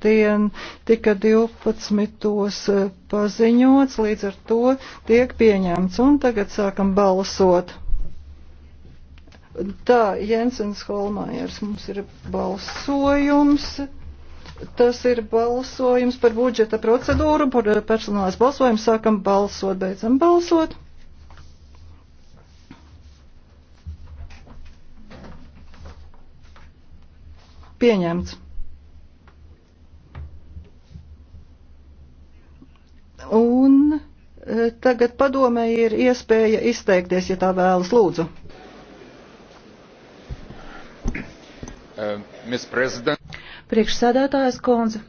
vakardien tika 12. Eh, paziņots, līdz ar to tiek pieņemts. Un tagad sākam balsot. Tā, Jensens Holmājers mums ir balsojums. Tas ir balsojums par budžeta procedūru, par personālais balsojums. Sākam balsot, beidzam balsot. Pieņemts. Un e, tagad padomē ir iespēja izteikties, ja tā vēlas lūdzu. Uh, e, Priekšsēdētājs Konze,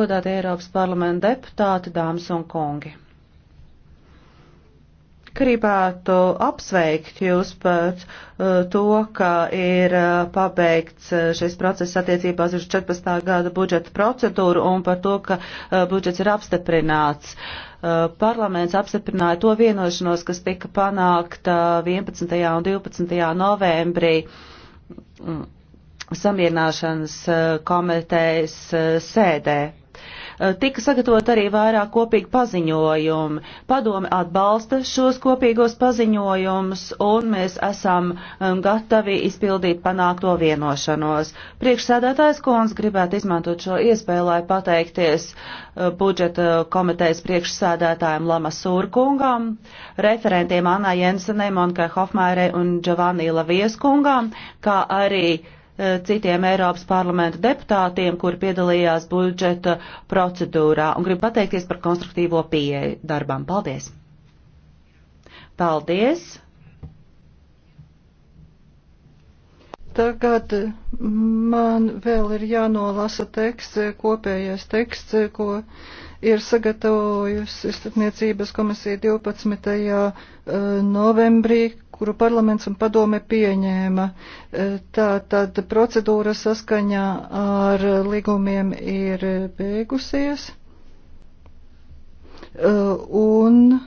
godātie Eiropas parlamenta deputāti, dāmas un kungi. Gribētu apsveikt jūs par uh, to, ka ir uh, pabeigts uh, šis process attiecībā uz 14. gada budžeta procedūru un par to, ka budžets ir apstiprināts. Parlaments apstiprināja to vienošanos, kas tika panākta 11. un 12. novembrī mm, samierināšanas komitejas sēdē. Eh, tika sagatavot arī vairāk kopīgi paziņojumi. Padome atbalsta šos kopīgos paziņojumus, un mēs esam um, gatavi izpildīt panākto vienošanos. Priekšsēdētājs Kons gribētu izmantot šo iespēju, lai pateikties eh, budžeta komitejas priekšsēdētājiem Lama Sūrkungam, referentiem Anā Jensenai, Monkai Hofmairai un Giovanni Lavieskungam, kā arī Eh, citiem Eiropas parlamenta deputātiem, kuri piedalījās budžeta procedūrā, un gribu pateikties par konstruktīvo pieeju darbam. Paldies! Paldies! Tagad man vēl ir jānolasa teksts, kopējais teksts, ko ir sagatavojusi starpniecības komisija 12. Eh, novembrī, kuru parlaments un padome pieņēma. Eh, tā tad procedūra saskaņā ar līgumiem ir beigusies. Eh, un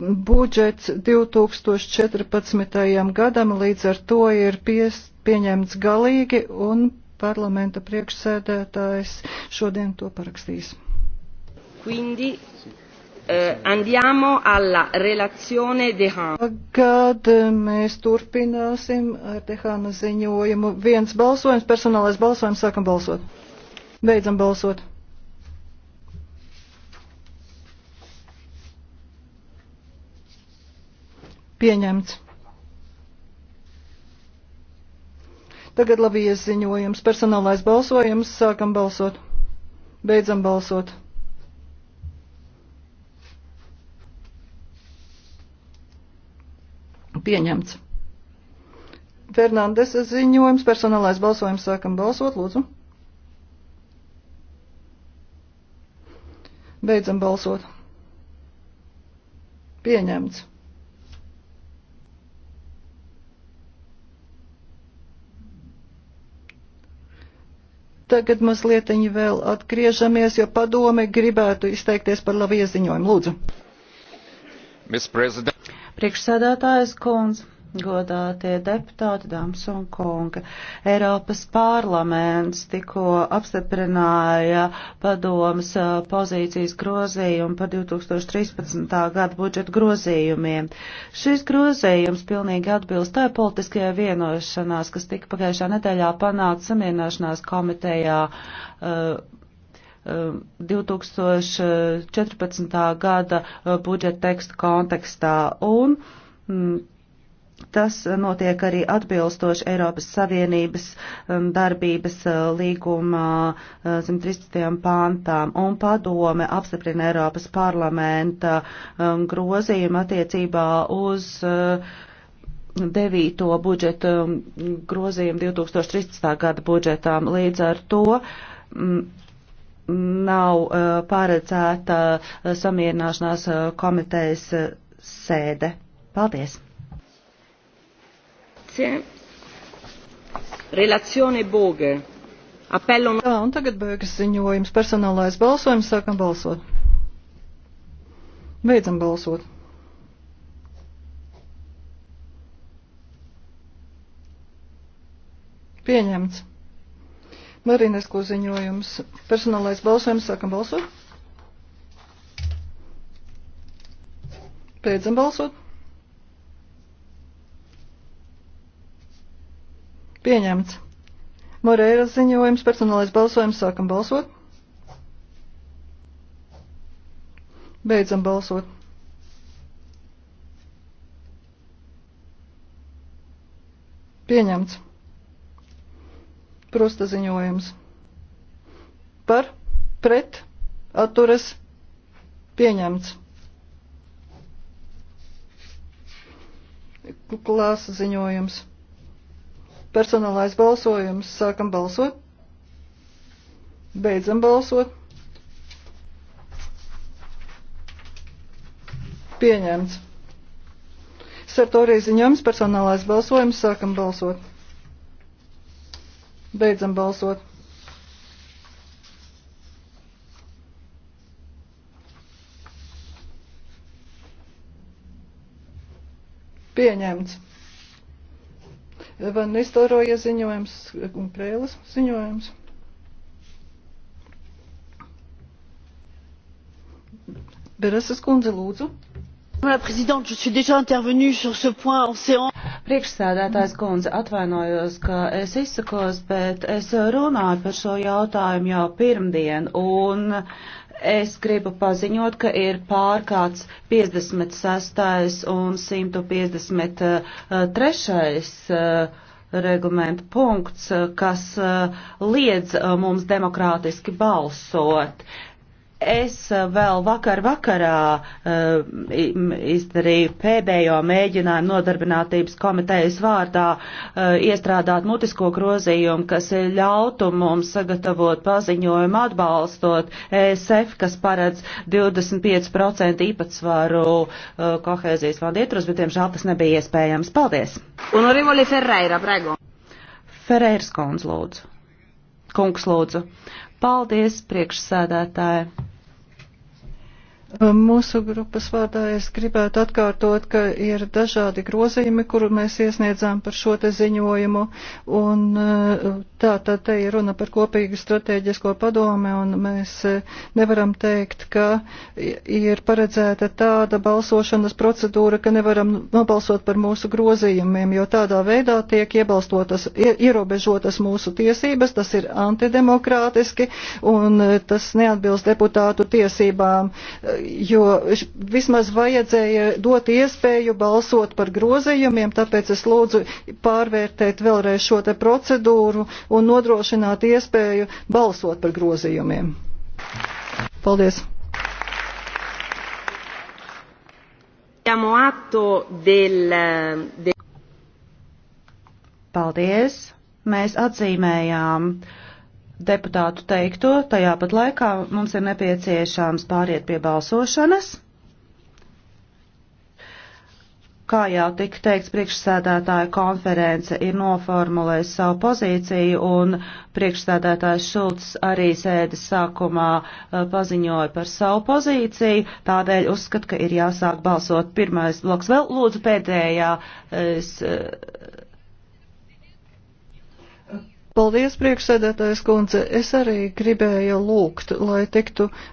budžets 2014. gadam līdz ar to ir pies, pieņemts galīgi un parlamenta priekšsēdētājs šodien to parakstīs. Quindi eh, andiamo alla relazione De Haan. Tagad eh, mēs turpināsim ar De Haana ziņojumu. Viens balsojums, personālais balsojums, sākam balsot. Beidzam balsot. Pieņemts. Tagad labi ieziņojums, personālais balsojums, sākam balsot. Beidzam balsot. pieņemts. Fernandes ziņojums, personālais balsojums, sākam balsot, lūdzu. Beidzam balsot. Pieņemts. Tagad mazliet vēl atgriežamies, jo padome gribētu izteikties par labu ieziņojumu. Lūdzu. Priekšsēdētājs kundz, godātie deputāti, dāmas un kunga, Eiropas parlaments tikko apstiprināja padomas pozīcijas grozījumu par 2013. gada budžeta grozījumiem. Šis grozījums pilnīgi atbilst tai politiskajai vienošanās, kas tika pagājušā nedēļā panāca samierināšanās komitejā. Uh, 2014. Um, gada uh, budžeta teksta kontekstā. Un, mm, Tas notiek arī atbilstoši Eiropas Savienības um, darbības uh, līguma 113. Uh, pāntām, un padome apstiprina Eiropas parlamenta um, grozījumu attiecībā uz devīto budžetu grozījumu 2013. gada budžetām. Līdz ar to mm, nav uh, paredzēta uh, samierināšanās uh, komitejas uh, sēde. Paldies! Relazione Boge. Appello... Jā, un tagad beigas ziņojums. Personālais balsojums. Sākam balsot. Beidzam balsot. Pieņemts. Marīnesko ziņojums. Personālais balsojums. Sākam balsot. Beidzam balsot. Pieņemts. Moreiras ziņojums. Personālais balsojums. Sākam balsot. Beidzam balsot. Pieņemts. Prosta ziņojums. Par, pret, atturas, pieņemts. Klāsa ziņojums. Personālais balsojums. Sākam balsot. Beidzam balsot. Pieņemts. Sartorija ziņojums, personālais balsojums, sākam balsot. Beidzam balsot. Pieņemts. Van Nistelroja ziņojums un Prēlas ziņojums. Bereses kundze, lūdzu. Madame la Présidente, je suis déjà intervenue sur ce point en séance. Priekšsēdētājs kundze atvainojos, ka es izsakos, bet es runāju par šo jautājumu jau pirmdien, un es gribu paziņot, ka ir pārkāds 56. un 153 eh, regulamenta punkts, kas eh, liedz eh, mums demokrātiski balsot. Es eh, vēl vakar vakarā uh, izdarīju pēdējo mēģinājumu nodarbinātības komitejas vārdā uh, iestrādāt mutisko grozījumu, kas ļautu mums sagatavot paziņojumu atbalstot ESF, kas paredz 25% īpatsvaru uh, kohēzijas fonda ietros, bet tiemžēl tas nebija iespējams. Paldies! Un Rivoli Ferreira, prego. Ferreiras kundz lūdzu. Kungs lūdzu. Uh, Paldies, priekšsēdētāji! Mūsu grupas vārdā es gribētu atkārtot, ka ir dažādi grozījumi, kuru mēs iesniedzām par šo te ziņojumu, un e, tā tad te ir runa par kopīgu strateģisko padome, un mēs e, nevaram teikt, ka ir paredzēta tāda balsošanas procedūra, ka nevaram nobalsot par mūsu grozījumiem, jo tādā veidā tiek iebalstotas, ierobežotas mūsu tiesības, tas ir antidemokrātiski, un e, tas neatbilst deputātu tiesībām jo vismaz vajadzēja dot iespēju balsot par grozījumiem, tāpēc es lūdzu pārvērtēt vēlreiz šo te procedūru un nodrošināt iespēju balsot par grozījumiem. Paldies! Paldies! Mēs atzīmējām uh, deputātu teikto, tajā pat laikā mums ir nepieciešams pāriet pie balsošanas. Kā jau tika teikts, priekšsēdētāja konference ir noformulējusi savu pozīciju, un priekšsēdētājs Šulcs arī sēdes sākumā eh, paziņoja par savu pozīciju. Tādēļ uzskat, ka ir jāsāk balsot pirmais bloks. Vēl lūdzu pēdējā. Es, eh, eh, Paldies, priekšsēdētājs kundze. Es arī gribēju lūgt, lai tiktu uh,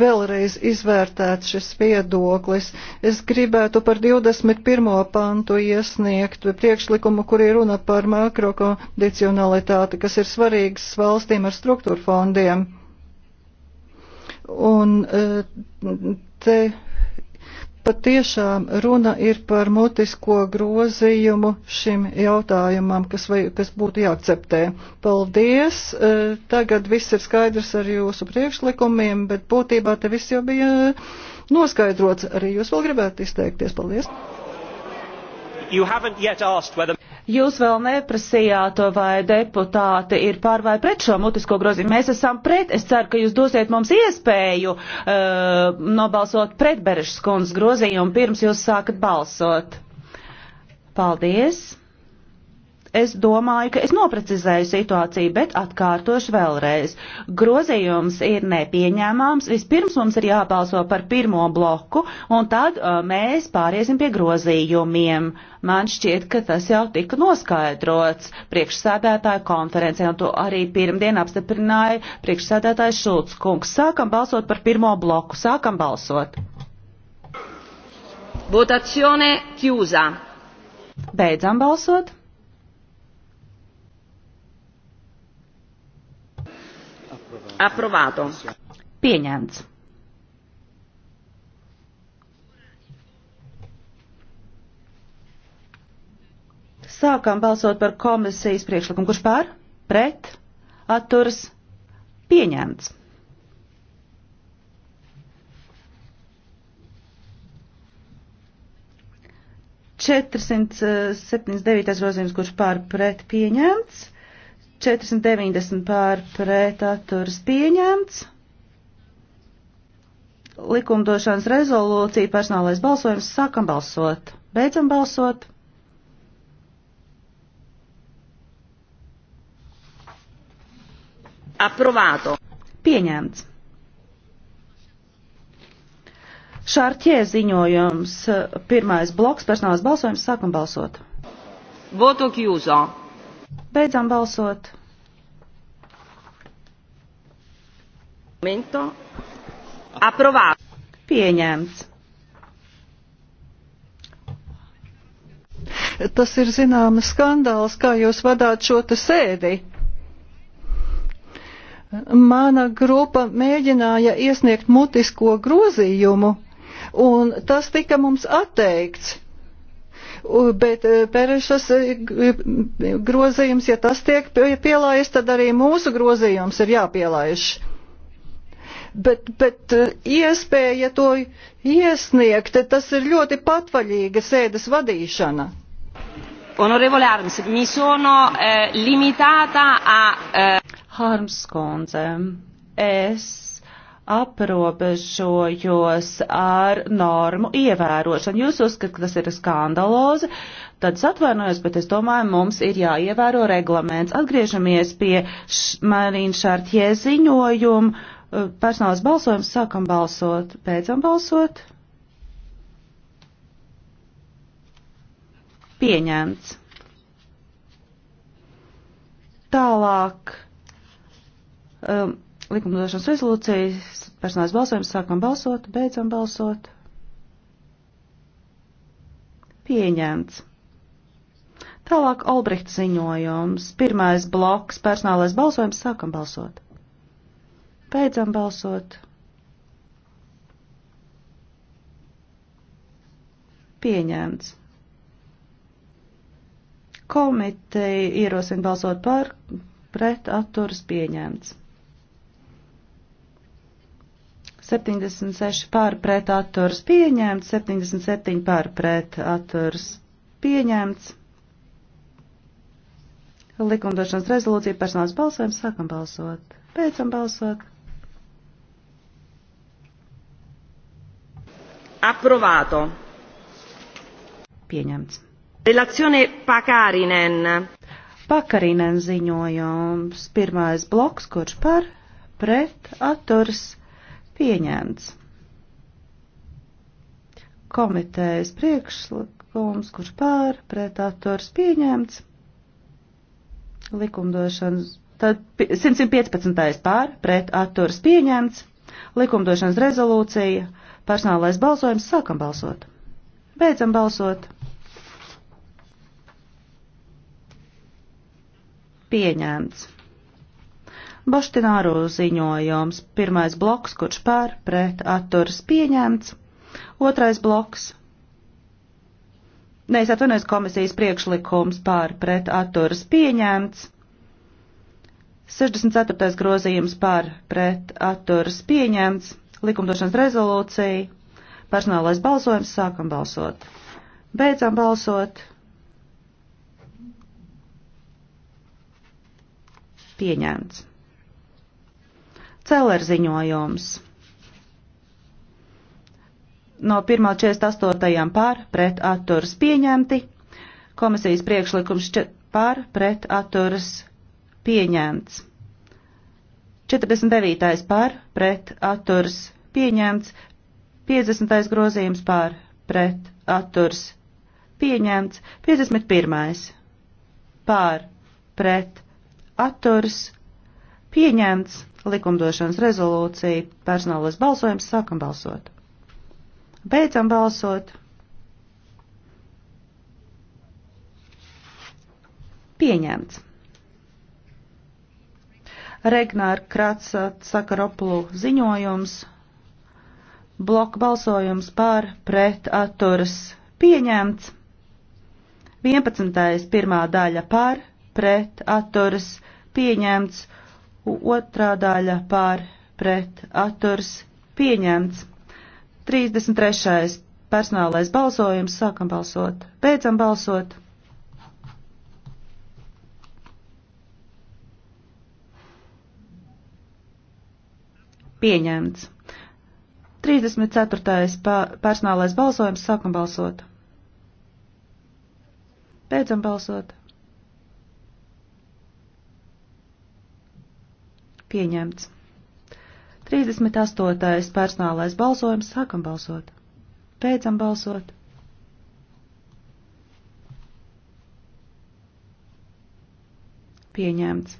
vēlreiz izvērtēts šis viedoklis. Es gribētu par 21. pantu iesniegt priekšlikumu, kur ir runa par makrokondicionalitāti, kas ir svarīgs valstīm ar struktūrfondiem. Un uh, te patiešām runa ir par mutisko grozījumu šim jautājumam, kas, vai, kas būtu jāakceptē. Paldies! E, tagad viss ir skaidrs ar jūsu priekšlikumiem, bet būtībā te viss jau bija noskaidrots. Arī jūs vēl gribētu izteikties. Paldies! whether... Jūs vēl neprasījāt, vai deputāti ir pār vai pret šo mutisko grozījumu. Mēs esam pret. Es ceru, ka jūs dosiet mums iespēju uh, nobalsot pret Berešas kundzes grozījumu pirms jūs sākat balsot. Paldies! es domāju, ka es noprecizēju situāciju, bet atkārtošu vēlreiz. Grozījums ir nepieņēmāms. Vispirms mums ir jābalso par pirmo bloku, un tad uh, mēs pāriesim pie grozījumiem. Man šķiet, ka tas jau tika noskaidrots priekšsēdētāju konferencē, un to arī pirmdien apstiprināja priekšsēdētājs Šulc kungs. Sākam balsot par pirmo bloku. Sākam balsot. Votazione chiusa. Beidzam balsot. Approvato. Pieņemts. Sākam balsot par komisijas priekšlikumu. Kurš pār? Pret? Atturs? Pieņemts. Četrsimt eh, septiņas devītais grozījums, kurš pār pret pieņemts. 490 pār pret atturas pieņemts. Likumdošanas rezolūcija personālais balsojums sākam balsot. Beidzam balsot. Aprovāto. Pieņemts. Šārķie ziņojums, pirmais bloks, personālais balsojums, sākam balsot. Voto kjūzo. Beidzam balsot. Minto. Aprovā. Pieņemts. Tas ir zināms skandāls, kā jūs vadāt šo te sēdi. Mana grupa mēģināja iesniegt mutisko grozījumu, un tas tika mums atteikts bet eh, Perešas eh, eh, grozījums, ja tas tiek pielaists, tad arī mūsu grozījums ir jāpielaiž. Bet, bet iespēja to iesniegt, tas ir ļoti patvaļīga sēdes vadīšana. Honorevole Arms, mi sono eh, limitata a... Eh... Harms kundze, es aprobežojos ar normu ievērošanu. Jūs uzskatāt, ka tas ir skandalozi, tad es atvainojos, bet es domāju, mums ir jāievēro reglaments. Atgriežamies pie Marīna Šārtie ziņojuma. Uh, personāls balsojums sākam balsot, beidzam balsot. Pieņemts. Tālāk. Um, likumdošanas rezolūcijas, personāls balsojums, sākam balsot, beidzam balsot. Pieņemts. Tālāk Olbrihta ziņojums. Pirmais bloks - personālais balsojums. Sākam balsot. Beidzam balsot. Pieņemts. Komiteja ierosina balsot par, pret, atturas pieņemts. 76 pār pret atturs pieņemts, 77 pār pret atturs pieņemts. Likumdošanas rezolūcija personāls balsojums sākam balsot, beidzam balsot. Approvato. Pieņemts. Relazione Pakarinen. Pakarinen ziņojums. Pirmais bloks, kurš par pret atturs pieņemts Pieņemts. Komitejas priekšlikums, kurš pār pret atturs pieņemts. Likumdošanas. Tad 115. pār pret atturs pieņemts. Likumdošanas rezolūcija. Personālais balsojums. Sākam balsot. Beidzam balsot. Pieņemts. Boštināru ziņojums. Pirmais bloks, kurš pār pret atturas pieņemts. Otrais bloks. Nē, es atvainojos komisijas priekšlikums pār pret atturas pieņemts. 64. grozījums pār pret atturas pieņemts. Likumdošanas rezolūcija. Personālais balsojums. Sākam balsot. Beidzam balsot. Pieņemts. Celer ziņojums. No 1.48. pār pret atturas pieņemti. Komisijas priekšlikums pār pret atturas pieņemts. 49. pār pret atturas pieņemts. 50. grozījums pār pret atturas pieņemts. 51. pār pret atturas pieņemts likumdošanas rezolūcija, personālais balsojums, sākam balsot. Beidzam balsot. Pieņemts. Regnāra Kratsa Sakaropulu ziņojums, bloka balsojums pār pret atturas pieņemts, 11. pirmā daļa pār pret atturas pieņemts, otrā daļa pār pret atturs pieņemts. 33. personālais balsojums sākam balsot, beidzam balsot. Pieņemts. 34. personālais balsojums sākam balsot. Beidzam balsot. Pieņemts. 38. personālais balsojums. Sākam balsot. Beidzam balsot. Pieņemts.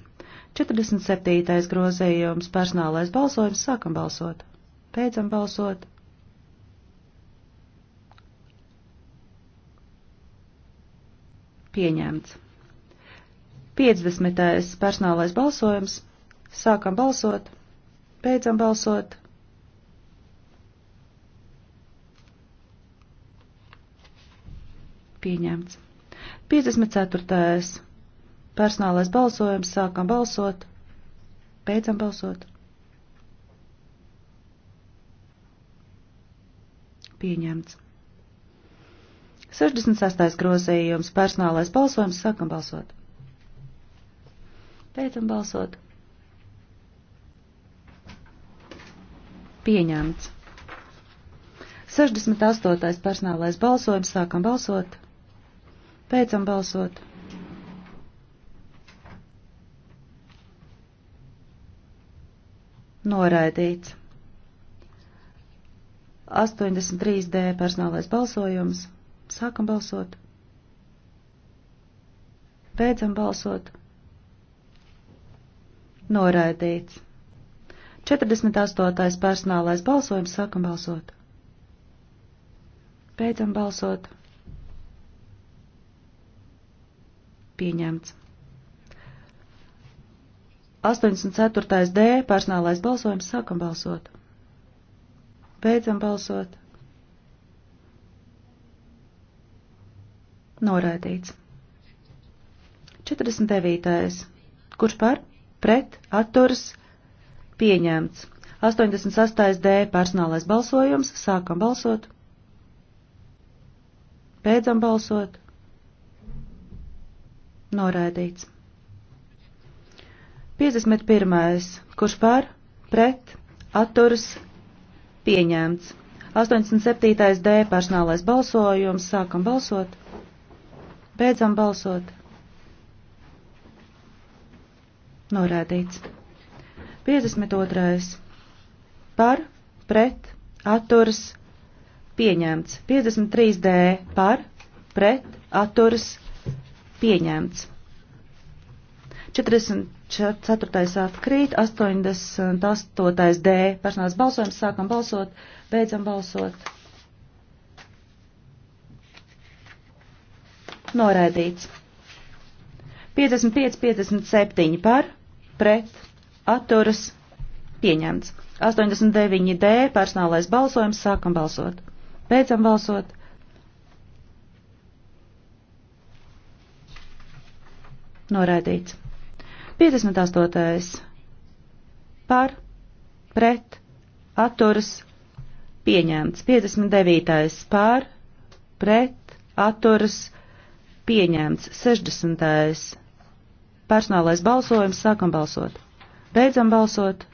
47. grozējums personālais balsojums. Sākam balsot. Beidzam balsot. Pieņemts. 50. personālais balsojums. Sākam balsot, beidzam balsot. Pieņemts. 54. Personālais balsojums. Sākam balsot, beidzam balsot. Pieņemts. 66. grozījums. Personālais balsojums. Sākam balsot. Beidzam balsot. Pieņemts. 68. personālais balsojums. Sākam balsot. Beidzam balsot. Noraidīts. 83D personālais balsojums. Sākam balsot. Beidzam balsot. Noraidīts. 48. personālais balsojums sākam balsot. Beidzam balsot. Pieņemts. 84. D personālais balsojums sākam balsot. Beidzam balsot. Noraidīts. 49. Kurš par? Pret, atturas, Pieņemts. 88. D personālais balsojums. Sākam balsot. Beidzam balsot. Noraidīts. 51. Kurš pār? Pret. Atturs. Pieņemts. 87. D personālais balsojums. Sākam balsot. Beidzam balsot. Noraidīts. 52. par, pret, atturas, pieņemts. 53D par, pret, atturas, pieņemts. 44. atkrīt, 88. D personāls balsojums, sākam balsot, beidzam balsot. Noraidīts. 55, 57 par, pret, atturas pieņemts. 89D personālais balsojums sākam balsot. Beidzam balsot. Noraidīts. 58. Par, pret, atturas, pieņemts. 59. Par, pret, atturas, pieņemts. 60. Personālais balsojums sākam balsot. Beidzam balsot.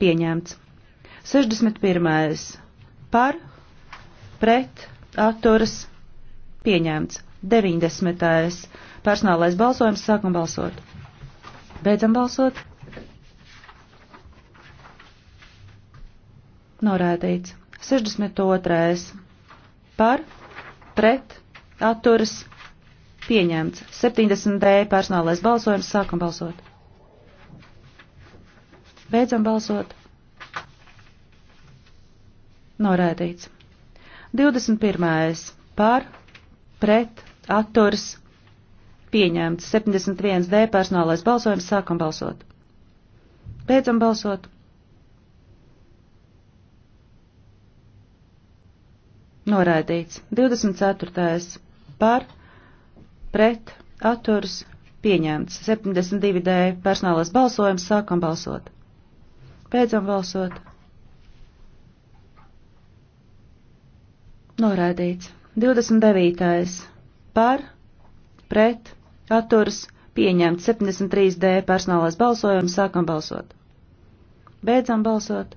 Pieņemts. 61. par, pret, atturas, pieņemts. 90. personālais balsojums, sākam balsot. Beidzam balsot. Norādīts. 62. par, pret, atturas, pieņemts Pieņemts. 70D e personālais balsojums. Sākam balsot. Beidzam balsot. Norēdīts. 21. Par, pret, atturs. Pieņemts. 71D personālais balsojums. Sākam balsot. Beidzam balsot. Noraidīts. 24. Par, pret, atturs, pieņemts. 72 D personālais balsojums, sākam balsot. Beidzam balsot. Noraidīts. 29. par, pret, atturs, pieņemts. 73 D personālais balsojums, sākam balsot. Beidzam balsot.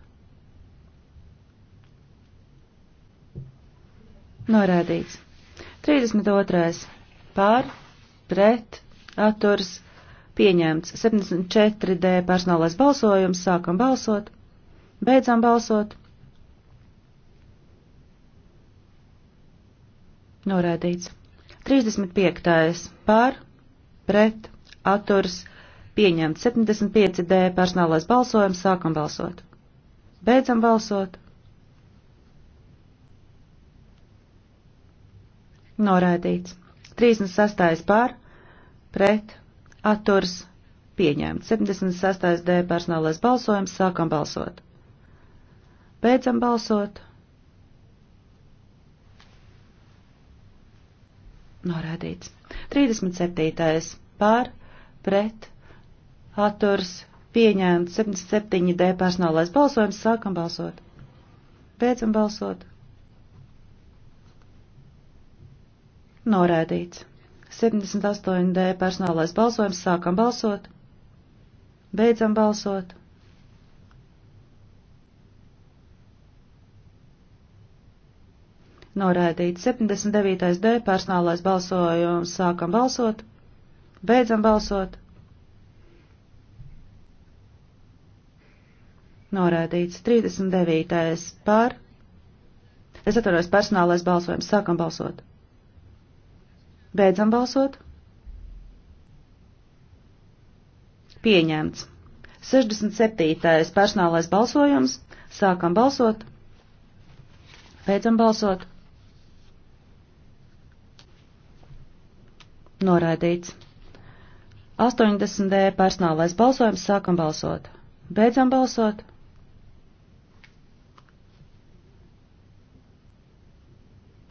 Norādīts. 32 pār, pret, atturs, pieņemts. 74D personālais balsojums, sākam balsot, beidzam balsot. Noraidīts. 35. pār, pret, atturs, pieņemts. 75D personālais balsojums, sākam balsot. Beidzam balsot. Noraidīts. 36. pār, pret, atturs, pieņemts. 76. D personālais balsojums, sākam balsot. Beidzam balsot. Norādīts. 37. pār, pret, atturs, pieņemts. 77. D personālais balsojums, sākam balsot. Beidzam balsot. Noraidīts. 78D personālais balsojums. Sākam balsot. Beidzam balsot. Noraidīts. 79D personālais balsojums. Sākam balsot. Beidzam balsot. Noraidīts. 39. par. Es atvainojos personālais balsojums. Sākam balsot. Beidzam balsot. Pieņemts. 67. personālais balsojums. Sākam balsot. Beidzam balsot. Noraidīts. 80. personālais balsojums. Sākam balsot. Beidzam balsot.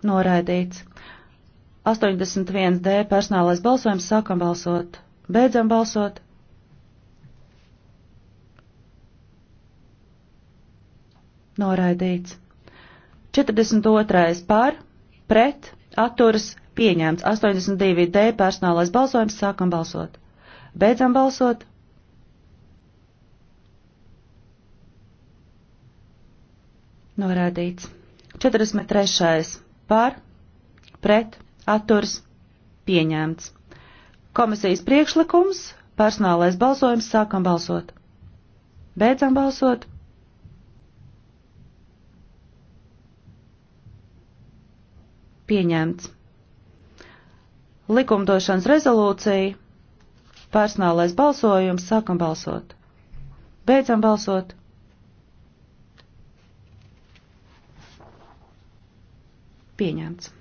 Noraidīts. 81D personālais balsojums sākam balsot. Beidzam balsot. Noraidīts. 42. pār, pret, atturas, pieņemts. 82D personālais balsojums sākam balsot. Beidzam balsot. Noraidīts. 43. pār, pret, atturs pieņemts. Komisijas priekšlikums, personālais balsojums, sākam balsot. Beidzam balsot. Pieņemts. Likumdošanas rezolūcija, personālais balsojums, sākam balsot. Beidzam balsot. Pieņemts.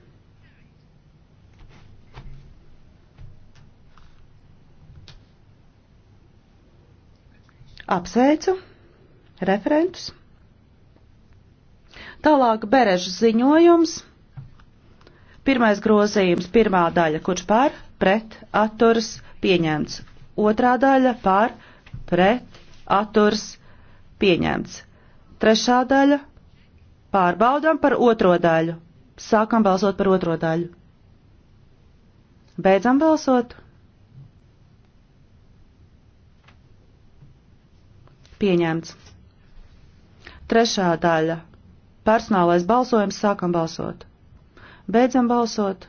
Apsveicu referentus. Tālāk Bereža ziņojums. Pirmais grozījums, pirmā daļa, kurš pār, pret, atturs, pieņemts. Otrā daļa pār, pret, atturs, pieņemts. Trešā daļa pārbaudām par otro daļu. Sākam balsot par otro daļu. Beidzam balsot. Pieņemts. Trešā daļa. Personālais balsojums. Sākam balsot. Beidzam balsot.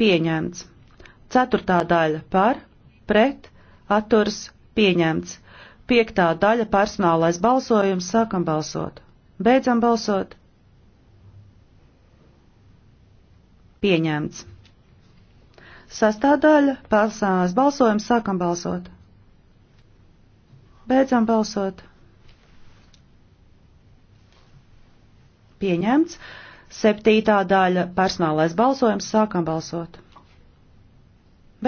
Pieņemts. Ceturtā daļa par, pret, atturs, pieņemts. Piektā daļa personālais balsojums. Sākam balsot. Beidzam balsot. Pieņemts. Sastādaļa personālais balsojums sākam balsot. Beidzam balsot. Pieņemts. Septītā daļa personālais balsojums sākam balsot.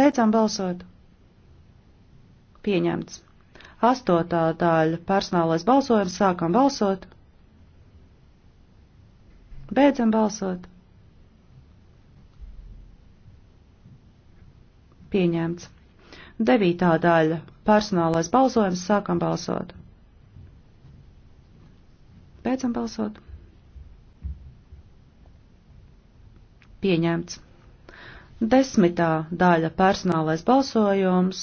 Beidzam balsot. Pieņemts. Astotā daļa personālais balsojums sākam balsot. Beidzam balsot. Pieņemts. Devītā daļa. Personālais balsojums. Sākam balsot. Beidzam balsot. Pieņemts. Desmitā daļa. Personālais balsojums.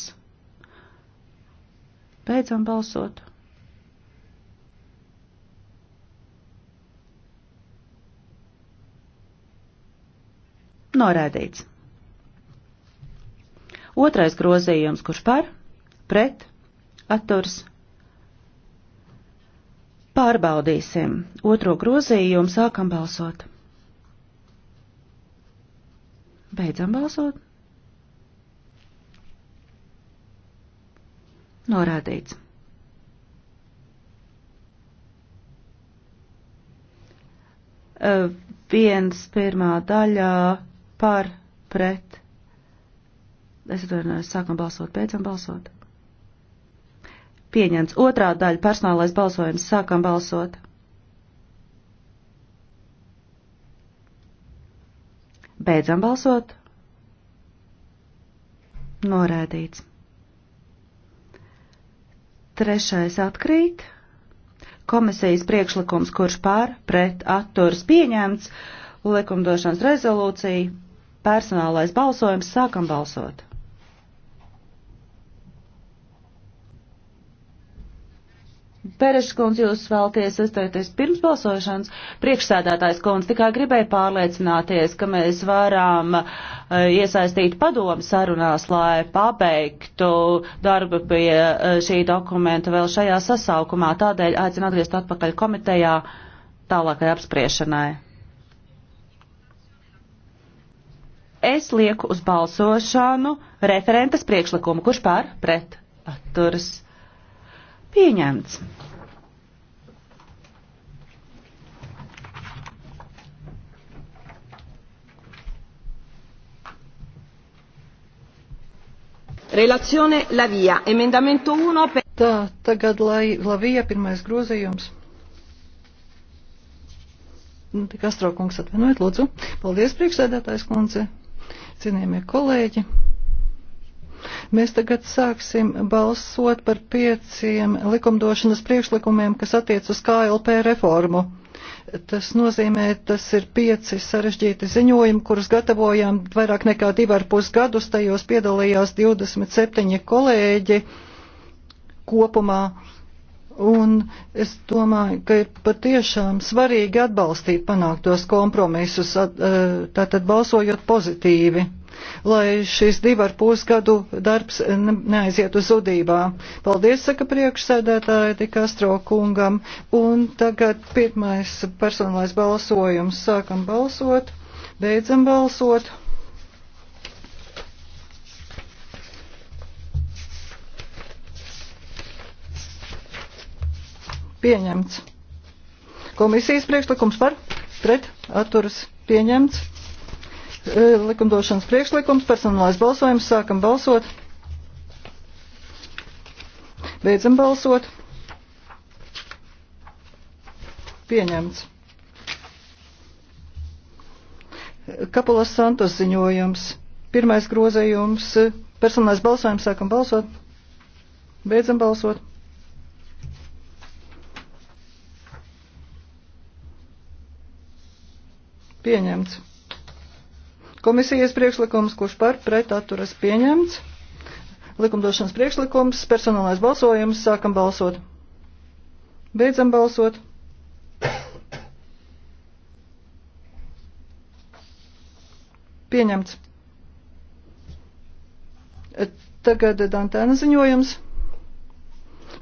Beidzam balsot. Norādīts. Otrais grozījums, kurš par, pret, atturs. Pārbaudīsim. Otro grozījumu sākam balsot. Beidzam balsot. Norādīts. Eh, viens pirmā daļā par pret Es atvainojos, sākam balsot, beidzam balsot. Pieņemts otrā daļa personālais balsojums, sākam balsot. Beidzam balsot. Norēdīts. Trešais atkrīt. Komisijas priekšlikums, kurš pār pret atturs pieņemts, likumdošanas rezolūcija, personālais balsojums, sākam balsot. Pereškundz, jūs vēlties izteikties pirms balsošanas. Priekšsēdētājs kundz tikai gribēja pārliecināties, ka mēs varam eh, iesaistīt padomu sarunās, lai pabeigtu darbu pie eh, šī dokumenta vēl šajā sasaukumā. Tādēļ aicinu atgriezt atpakaļ komitejā tālākai apspriešanai. Es lieku uz balsošanu referentes priekšlikumu. Kurš pār? Pret. Atturas Pieņemts. Relazione Lavija, emendamento 1 per... Tā, tagad lai Lavija pirmais grozījums. Kastro nu, kungs atvainojiet, lūdzu. Paldies, priekšsēdētājs kundze, cienījamie kolēģi. Mēs tagad sāksim balsot par pieciem likumdošanas priekšlikumiem, kas attiec uz KLP reformu. Tas nozīmē, tas ir pieci sarežģīti ziņojumi, kurus gatavojām vairāk nekā divi ar pus gadus. Tajos piedalījās 27 kolēģi kopumā Un es domāju, ka ir patiešām svarīgi atbalstīt panāktos kompromisus, e, tātad balsojot pozitīvi, lai šis divu ar pusgadu darbs neaiziet uz zudībā. Paldies, saka priekšsēdētāja Dikastro kungam. Un tagad pirmais personālais balsojums. Sākam balsot, beidzam balsot. pieņemts. Komisijas priekšlikums par pret atturas pieņemts. E, likumdošanas priekšlikums, personālais balsojums, sākam balsot. Beidzam balsot. Pieņemts. Kapulas Santos ziņojums. Pirmais grozējums. Personālais balsojums. Sākam balsot. Beidzam balsot. Pieņemts. Komisijas priekšlikums, kurš par pret atturas pieņemts. Likumdošanas priekšlikums, personālais balsojums, sākam balsot. Beidzam balsot. Pieņemts. Tagad Dantēna ziņojums.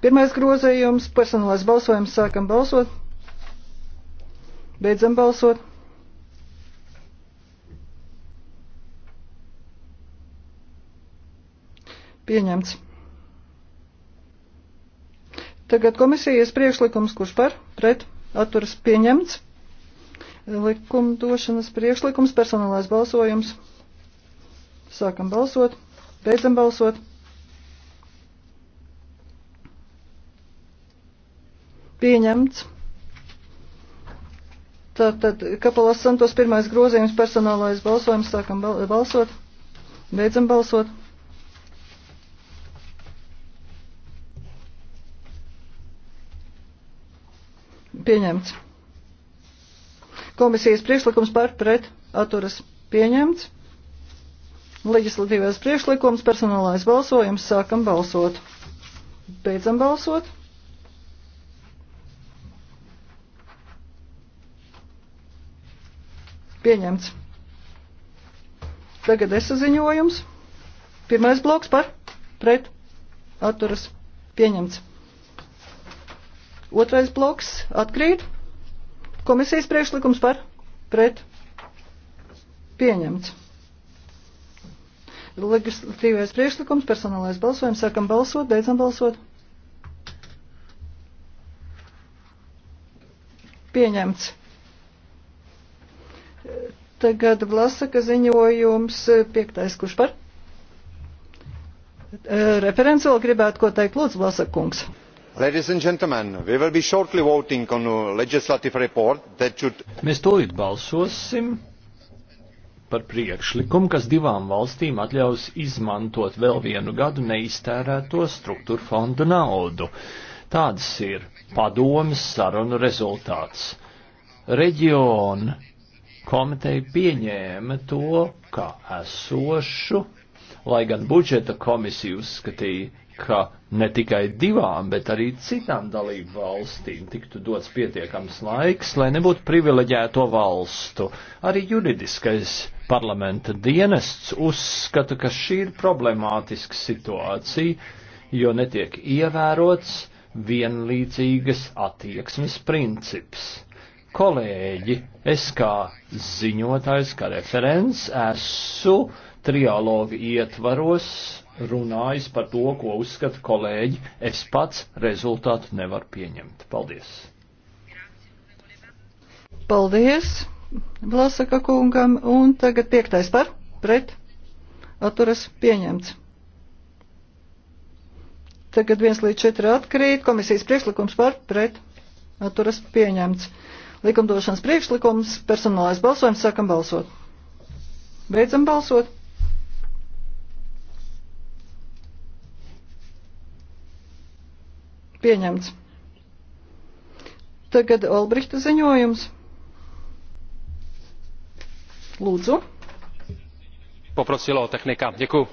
Pirmais grozējums, personālais balsojums, sākam balsot. Beidzam balsot. Pieņemts. Tagad komisijas priekšlikums, kurš par, pret, atturas pieņemts. Likumdošanas priekšlikums, personālais balsojums. Sākam balsot, beidzam balsot. Pieņemts. Tātad Kapalas Santos pirmais grozījums, personālais balsojums, sākam balsot, beidzam balsot. Pieņemts. Komisijas priekšlikums par pret atturas pieņemts. Leģislatīvais priekšlikums, personālais balsojums, sākam balsot. Beidzam balsot. Pieņemts. Tagad es ziņojums. Pirmais bloks par pret atturas pieņemts. Otrais bloks atkrīt. Komisijas priekšlikums par pret pieņemts. Legislatīvais priekšlikums, personālais balsojums, sākam balsot, beidzam balsot. Pieņemts. Tagad Vlasaka ziņojums piektais, kurš par? Referents vēl gribētu ko teikt, lūdzu, Vlasaka kungs. Ladies and gentlemen, we will be shortly voting on a legislative report that should. Mēs tūlīt balsosim par priekšlikumu, kas divām valstīm atļaus izmantot vēl vienu gadu neiztērēto struktūra fondu naudu. Tāds ir padomas sarunu rezultāts. Reģiona komiteja pieņēma to, ka esošu, lai gan budžeta komisija uzskatīja, ka ne tikai divām, bet arī citām dalību valstīm tiktu dots pietiekams laiks, lai nebūtu privileģēto valstu. Arī juridiskais parlamenta dienests uzskata, ka šī ir problemātiska situācija, jo netiek ievērots vienlīdzīgas attieksmes princips. Kolēģi, es kā ziņotājs, kā referents esmu trialogu ietvaros runājis par to, ko uzskata kolēģi. Es pats rezultātu nevaru pieņemt. Paldies! Paldies! Blasaka kungam, un tagad piektais par, pret, atturas pieņemts. Tagad viens līdz četri atkrīt, komisijas priekšlikums par, pret, atturas pieņemts. Likumdošanas priekšlikums, personālais balsojums, sākam balsot. Beidzam balsot. Pieņemts. Tagad Olbrihta ziņojums. Lūdzu. Poprosilo tehnika. Děkuju.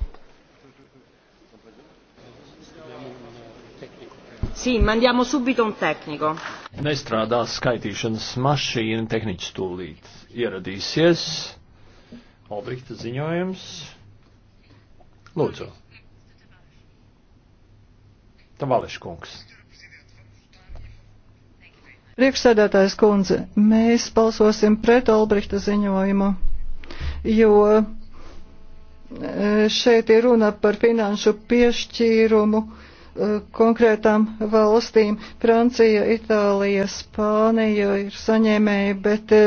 Sì, mandiamo subito un tecnico. Nestrādās skaitīšanas mašīna, tehniķis tūlīt ieradīsies. Albrihta ziņojums. Lūdzu. Tavališkungs. Priekšsēdētājs kundze, mēs balsosim pret Olbrihta ziņojumu, jo e, šeit ir runa par finanšu piešķīrumu e, konkrētām valstīm. Francija, Itālija, Spānija ir saņēmēji, bet e,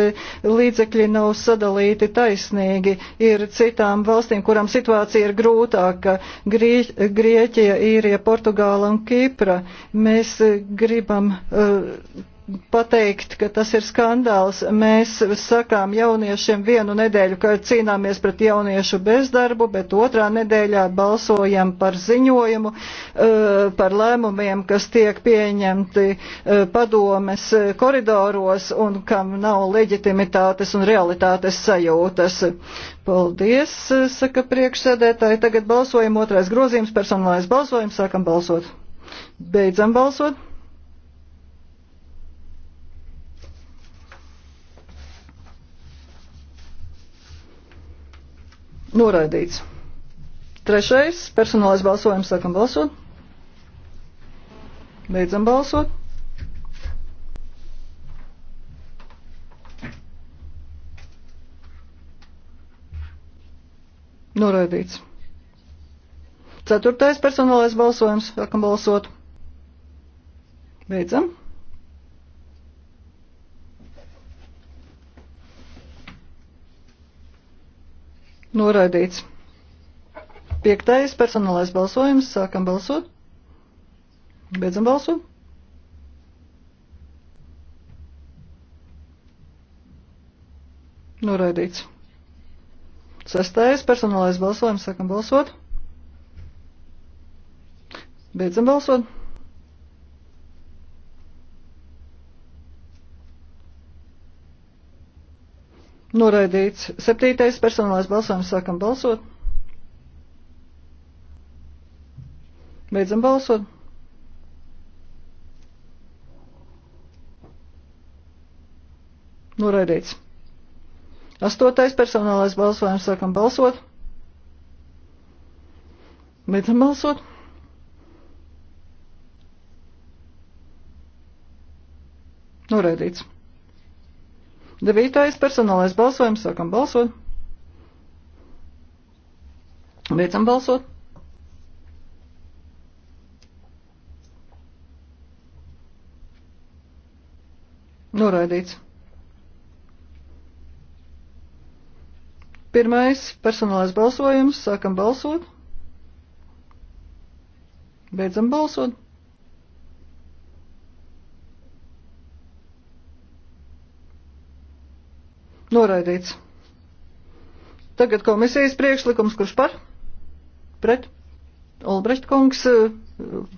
līdzekļi nav sadalīti taisnīgi. Ir citām valstīm, kurām situācija ir grūtāka - Grieķija, Īrija, Portugāla un Kipra. Mēs gribam pateikt, ka tas ir skandāls. Mēs sakām jauniešiem vienu nedēļu, ka cīnāmies pret jauniešu bezdarbu, bet otrā nedēļā balsojam par ziņojumu, eh, par lēmumiem, kas tiek pieņemti eh, padomes koridoros un kam nav leģitimitātes un realitātes sajūtas. Paldies, saka priekšsēdētāji. Tagad balsojam otrais grozījums, personālais balsojums, sākam balsot. Beidzam balsot. Noraidīts. Trešais - personālais balsojums. Sākam balsot. Beidzam balsot. Noraidīts. Ceturtais - personālais balsojums. Sākam balsot. Beidzam. Noraidīts. Piektais personālais balsojums. Sākam balsot. Beidzam balsot. Noraidīts. Sastais personālais balsojums. Sākam balsot. Beidzam balsot. Noraidīts. Septītais personālais balsojums. Sākam balsot. Beidzam balsot. Noraidīts. Astotais personālais balsojums. Sākam balsot. Beidzam balsot. Noraidīts. Devītais personālais balsojums. Sākam balsot. Beidzam balsot. Noraidīts. Pirmais personālais balsojums. Sākam balsot. Beidzam balsot. Noraidīts. Tagad komisijas priekšlikums, kurš par? Pret? Olbrecht kungs, eh,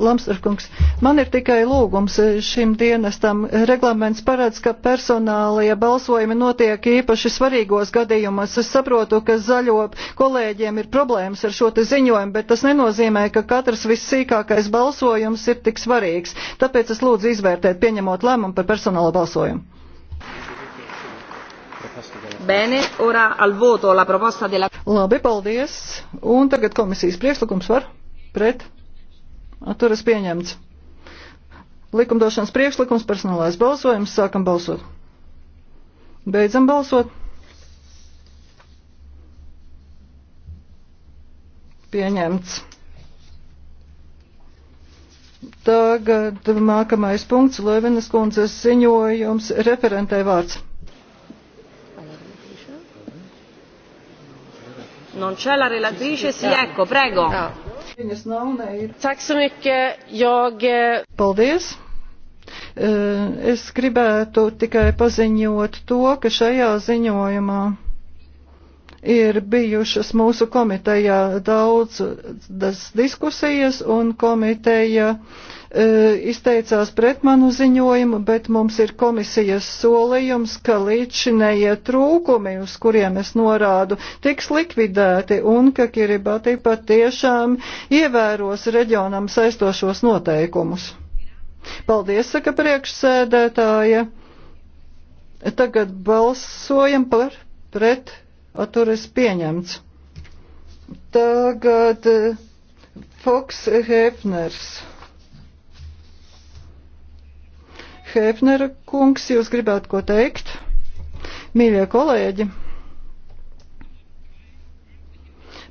Lamstarkungs, man ir tikai lūgums eh, šim dienestam. Reglaments paredz, ka personālajie balsojumi notiek īpaši svarīgos gadījumos. Es saprotu, ka zaļo kolēģiem ir problēmas ar šo te ziņojumu, bet tas nenozīmē, ka katrs vissīkākais balsojums ir tik svarīgs. Tāpēc es lūdzu izvērtēt pieņemot lēmumu par personālo balsojumu. Bene, ora al voto la proposta della... Labi, paldies. Un tagad komisijas priekšlikums var? Pret? Atturas pieņemts. Likumdošanas priekšlikums, personālais balsojums, sākam balsot. Beidzam balsot. Pieņemts. Tagad nākamais punkts, Loivenes kundzes ziņojums, referentē vārds. Non c'è la relatrice? Sì, ecco, prego. Viņas ah. nav, ne ir. Tack så mycket. Jag... Eh, Paldies. Eh, es gribētu tikai paziņot to, ka šajā ziņojumā Ir bijušas mūsu komitejā daudzas diskusijas un komiteja e, izteicās pret manu ziņojumu, bet mums ir komisijas solījums, ka līdzinējie trūkumi, uz kuriem es norādu, tiks likvidēti un ka Kiribati patiešām ievēros reģionam saistošos noteikumus. Paldies, saka priekšsēdētāja. Tagad balsojam par pret Atturas pieņemts. Tagad eh, Foks Hefners. Hefnera kungs, jūs gribētu ko teikt? Mīļie kolēģi!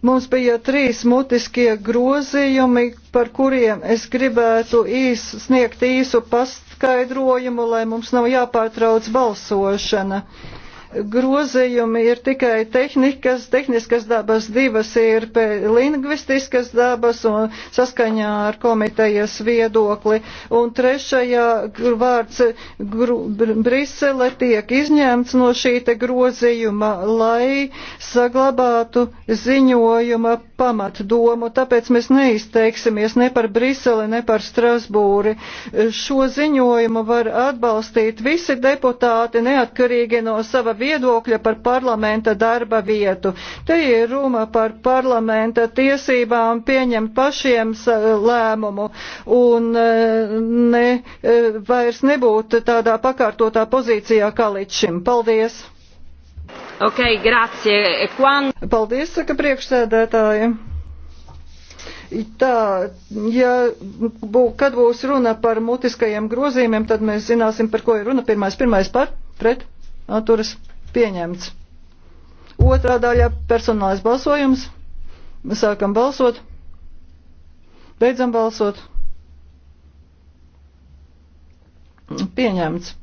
Mums bija trīs mutiskie grozījumi, par kuriem es gribētu īs, sniegt īsu paskaidrojumu, lai mums nav jāpārtrauc balsošana. Uh, grozījumi ir tikai tehnikas, tehniskas dabas, divas ir lingvistiskas dabas un saskaņā ar komitejas viedokli. Un trešajā vārds gru, Brisele tiek izņemts no šīta grozījuma, lai saglabātu ziņojuma pamatdomu. Tāpēc mēs neizteiksimies ne par Briseli, ne par Strasbūri. Šo ziņojumu var atbalstīt visi deputāti neatkarīgi no sava viedokļa par parlamenta darba vietu. Te ir runa par parlamenta tiesībām pieņemt pašiem lēmumu un eh, ne, eh, vairs nebūt tādā pakārtotā pozīcijā kā līdz šim. Paldies! Okay, grazie. E quan... Paldies, saka priekšsēdētāji. Tā, ja bū, kad būs runa par mutiskajiem grozījumiem, tad mēs zināsim, par ko ir runa. Pirmais, pirmais par, pret, atturas. Pieņemts. Otrā daļa - personālais balsojums. Sākam balsot. Beidzam balsot. Pieņemts.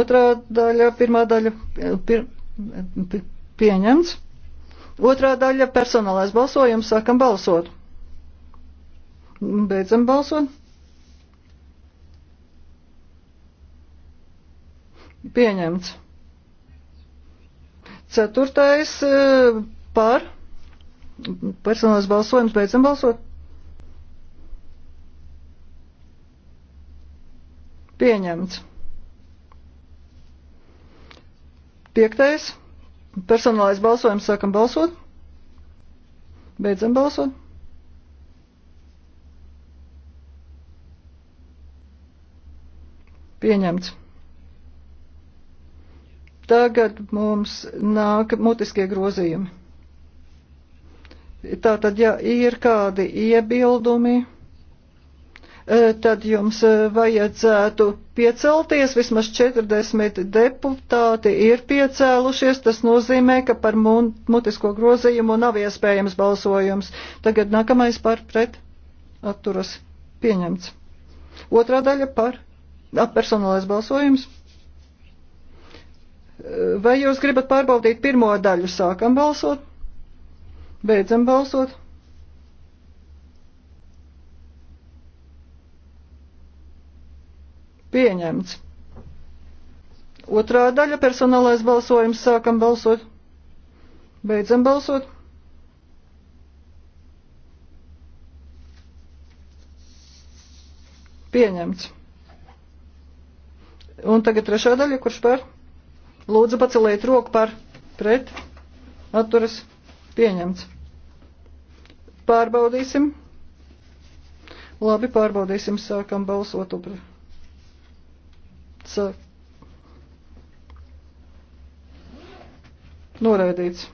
Otrā daļa, pirmā daļa pir, pieņemts. Otrā daļa personālais balsojums. Sākam balsot. Beidzam balsot. Pieņemts. Ceturtais eh, par. Personālais balsojums. Beidzam balsot. Pieņemts. Piektais. Personālais balsojums. Sākam balsot. Beidzam balsot. Pieņemts. Tagad mums nāk mutiskie grozījumi. Tātad, ja ir kādi iebildumi, e, tad jums vajadzētu piecelties, vismaz 40 deputāti ir piecēlušies, tas nozīmē, ka par mutisko grozījumu nav iespējams balsojums. Tagad nākamais par pret atturas pieņemts. Otrā daļa par personālais balsojums. Vai jūs gribat pārbaudīt pirmo daļu? Sākam balsot, beidzam balsot. Pieņemts. Otrā daļa personālais balsojums. Sākam balsot, beidzam balsot. Pieņemts. Un tagad trešā daļa, kurš par? Lūdzu, paceliet roku par pret atturas pieņemts. Pārbaudīsim. Labi, pārbaudīsim, sākam balsot. Upra. Sāk. Noraidīts.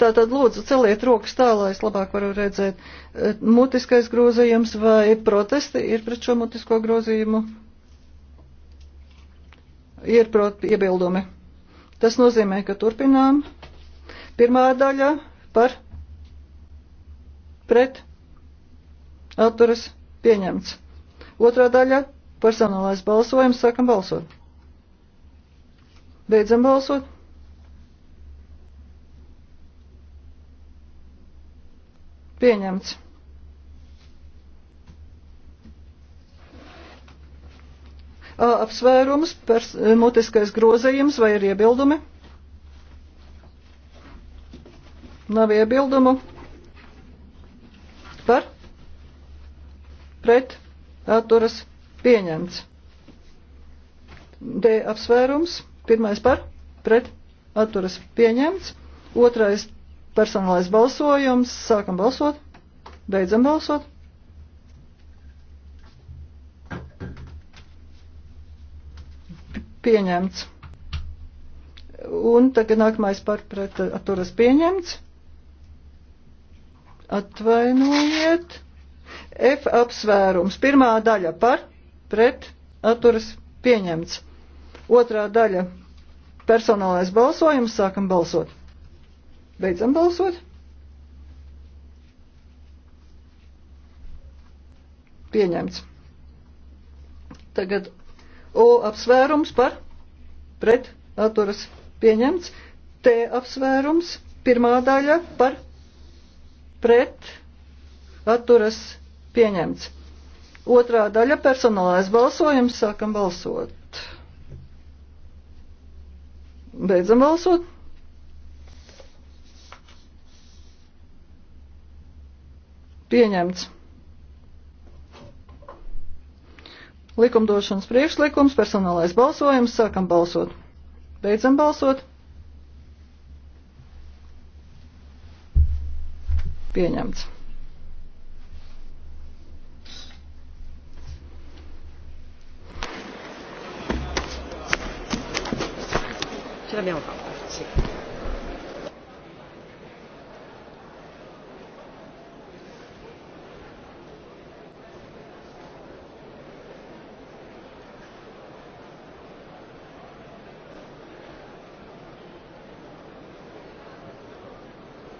Tātad lūdzu celiet rokas tā, lai es labāk varu redzēt. Mutiskais grozījums vai protesti ir pret šo mutisko grozījumu? ir prot, iebildumi. Tas nozīmē, ka turpinām. Pirmā daļa par pret atturas pieņemts. Otrā daļa personālais balsojums sākam balsot. Beidzam balsot. Pieņemts. apsvērums, pers, mutiskais grozījums vai ir iebildumi? Nav iebildumu. Par? Pret? Atturas? Pieņemts. D apsvērums. Pirmais par? Pret? Atturas? Pieņemts. Otrais personālais balsojums. Sākam balsot. Beidzam balsot. Pieņemts. Un tagad nākamais par pret eh, atturas pieņemts. Atvainojiet. F apsvērums. Pirmā daļa par pret atturas pieņemts. Otrā daļa personālais balsojums. Sākam balsot. Beidzam balsot. Pieņemts. Tagad O apsvērums par pret atturas pieņemts. T apsvērums pirmā daļa par pret atturas pieņemts. Otrā daļa personālais balsojums. Sākam balsot. Beidzam balsot. Pieņemts. Likumdošanas priekšlikums, personālais balsojums, sākam balsot. Beidzam balsot. Pieņemts. Čia vėl.